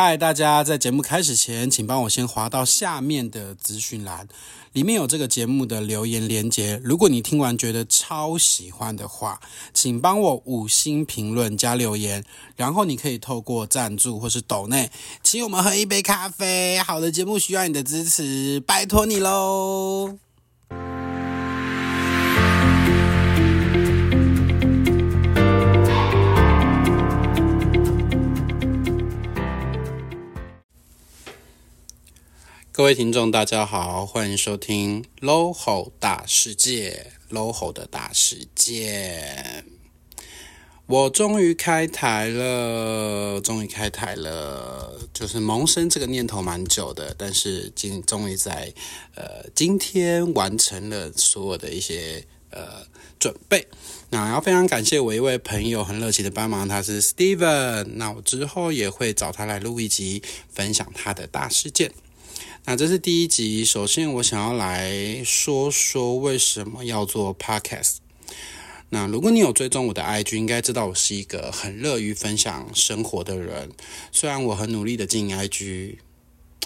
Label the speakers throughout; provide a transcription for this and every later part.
Speaker 1: 嗨，Hi, 大家在節目開始前，請幫我先滑到下面的資訊欄，裡面有這個節目的留言鏈接。如果你聽完覺得超喜歡的話，請幫我五星評論加留言，然後你可以透過贊助或是抖內請我們喝一杯咖啡。好的節目需要你的支持，拜托你嘍。各位聽眾，大家好，歡迎收聽《Loho 大世界》，Loho 的大世界。我終於開台了，終於開台了。就是萌生這個念頭蠻久的，但是今終於在呃今天完成了所有的一些呃準備。那要非常感謝我一位朋友很熱情的幫忙，他是 Steven。那我之後也會找他來錄一集，分享他的大事件。那這是第一集。首先，我想要來說說為什麼要做 podcast。那如果你有追蹤我的 IG，應該知道我是一個很樂於分享生活的人。雖然我很努力地經營 IG，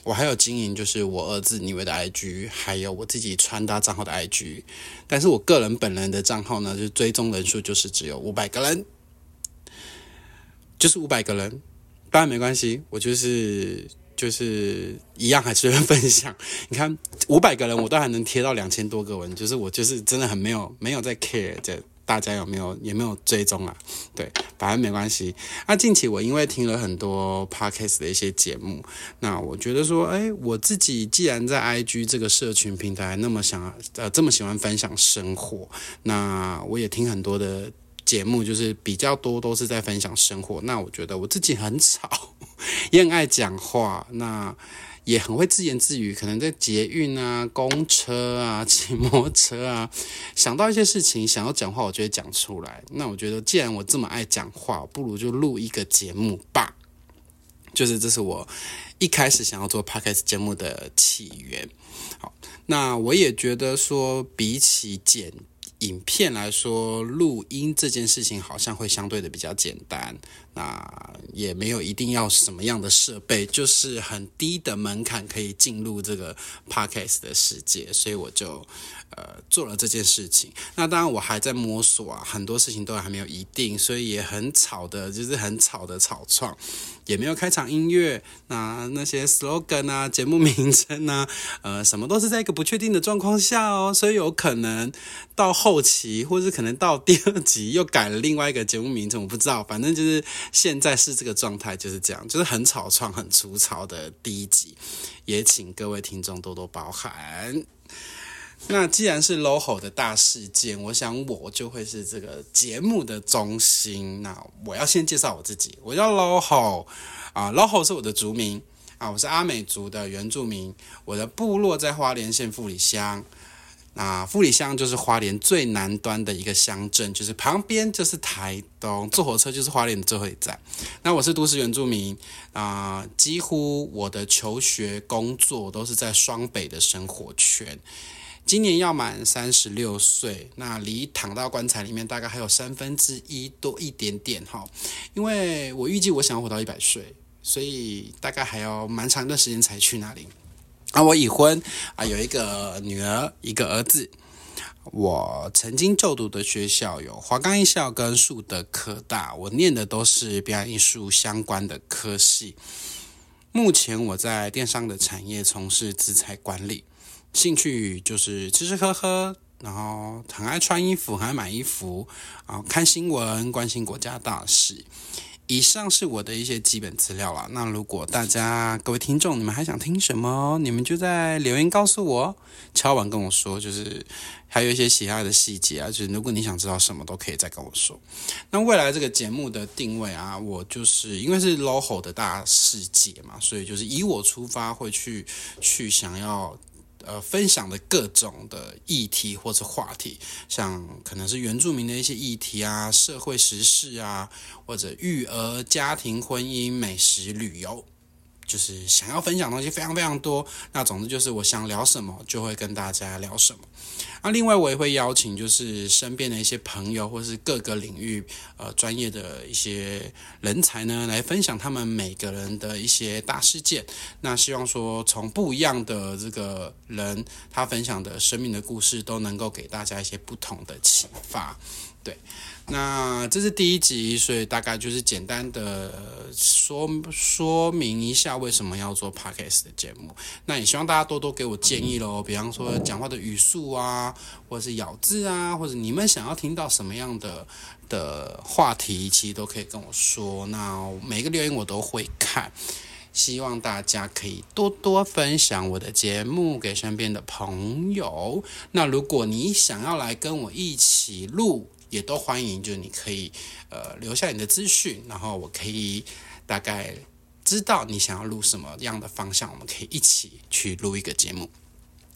Speaker 1: 我還有經營就是我兒子尼維的 IG，還有我自己穿搭賬號的 IG，但是我個人本人的賬號呢，就追蹤人數就是只有五百個人，就是五百個人。當然沒關係，我就是。就是一樣，還是會分享。你看，五百個人，我都還能貼到兩千多個文。就是我，就是真的很沒有，沒有在 care 這大家有沒有，也沒有追蹤啊。對，反正沒關係。那、啊、近期我因為聽了很多 podcast 的一些節目，那我覺得說，哎、欸，我自己既然在 IG 這個社群平台那麼想，呃，這麼喜歡分享生活，那我也聽很多的。節目就是比較多都是在分享生活，那我覺得我自己很吵，也很愛講話，那也很會自言自語。可能在捷運啊、公車啊、騎摩托車啊，想到一些事情想要講話，我就會講出來。那我覺得既然我這麼愛講話，不如就錄一個節目吧。就是這是我一開始想要做 podcast 節目的起源。好，那我也覺得說比起簡。影片來說，錄音這件事情好像會相對的比較簡單，那也沒有一定要什麼樣的設備，就是很低的門檻可以進入這個 Podcast 的世界，所以我就呃做了這件事情。那當然我還在摸索啊，很多事情都還沒有一定，所以也很吵的，就是很吵的草創，也沒有開場音樂，那那些 slogan 啊、節目名稱啊，呃，什麼都是在一個不確定的狀況下哦，所以有可能到後。後期，或者是可能到第二集又改了另外一個節目名稱，我不知道。反正就是現在是這個狀態，就是這樣，就是很草創、很粗糙的第一集，也請各位聽眾多多包涵。那既然是 loho 的大世界，我想我就會是這個節目的中心。那我要先介紹我自己，我叫 loho 啊，uh, loho 是我的族名啊，uh, 我是阿美族的原住民，我的部落在花蓮縣富里鄉。啊，那富里鄉就是花蓮最南端的一個鄉鎮，就是旁邊就是台東，坐火車就是花蓮的最後一站。那我是都市原住民啊，幾乎我的求學、工作都是在雙北的生活圈。今年要滿三十六歲，那離躺到棺材裡面大概還有三分之一多一點點哈，因為我預計我想要活到一百歲，所以大概還要蠻長一段時間才去那裡。啊，我已婚，啊，有一個女兒，一個兒子。我曾經就讀的學校有華岡藝校跟樹德科大，我念的都是表演藝術相關的科系。目前我在電商的產業從事資材管理，興趣就是吃吃喝喝，然後很愛穿衣服，很愛買衣服，然後看新聞，關心國家大事。以上是我的一些基本資料啦。那如果大家各位聽眾，你們還想聽什麼？你們就在留言告訴我。敲碗跟我說，就是還有一些其他的細節啊，就是如果你想知道什麼，都可以再跟我說。那未來這個節目的定位啊，我就是因為是 LOHO 的大世界嘛，所以就是以我出發，會去去想要。呃，分享的各種的議題或者話題，像可能是原住民的一些議題啊，社會時事啊，或者育兒、家庭、婚姻、美食、旅遊。就是想要分享東西非常非常多，那總之就是我想聊什麼就會跟大家聊什麼。那另外我也會邀請就是身邊的一些朋友或是各個領域呃專業的一些人才呢，來分享他們每個人的一些大事件。那希望說從不一樣的這個人他分享的生命的故事都能夠給大家一些不同的啟發，對。那這是第一集，所以大概就是簡單的說說明一下為什麼要做 Podcast 的節目。那也希望大家多多給我建議嘍，比方說講話的語速啊，或者是咬字啊，或者你們想要聽到什麼樣的的話題，其實都可以跟我說。那每個留言我都會看，希望大家可以多多分享我的節目給身邊的朋友。那如果你想要來跟我一起錄，也都歡迎，就是你可以，呃，留下你的資訊，然後我可以大概知道你想要錄什麼樣的方向，我們可以一起去錄一個節目。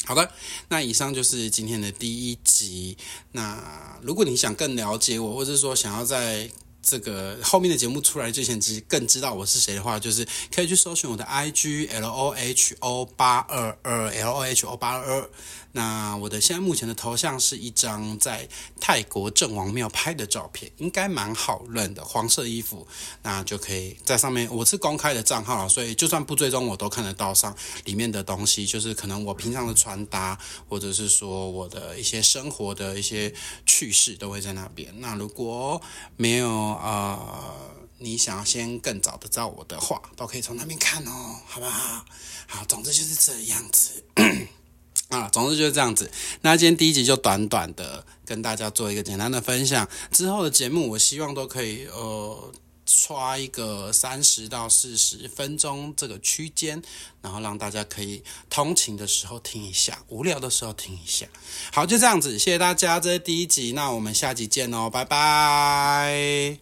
Speaker 1: 好的，那以上就是今天的第一集。那如果你想更了解我，或者說想要在這個後面的節目出來之前，其實更知道我是誰的話，就是可以去搜尋我的 I G L O H O 八二二 L O H O 八二二。那我的現在目前的頭像是一張在泰國鄭王廟拍的照片，應該蠻好認的，黃色衣服。那就可以在上面，我是公開的賬號，所以就算不追蹤我,我都看得到上裡面的東西，就是可能我平常的穿搭，或者是說我的一些生活的一些趣事都會在那邊。那如果沒有啊、呃，你想要先更早的知道我的話，都可以從那邊看哦，好不好？好，總之就是這樣子 啊，總之就是這樣子。那今天第一集就短短的跟大家做一個簡單的分享，之後的節目我希望都可以呃。刷一個三十到四十分鐘這個區間，然後讓大家可以通勤的時候聽一下，無聊的時候聽一下。好，就這樣子，謝謝大家，這是第一集，那我們下集見哦，拜拜。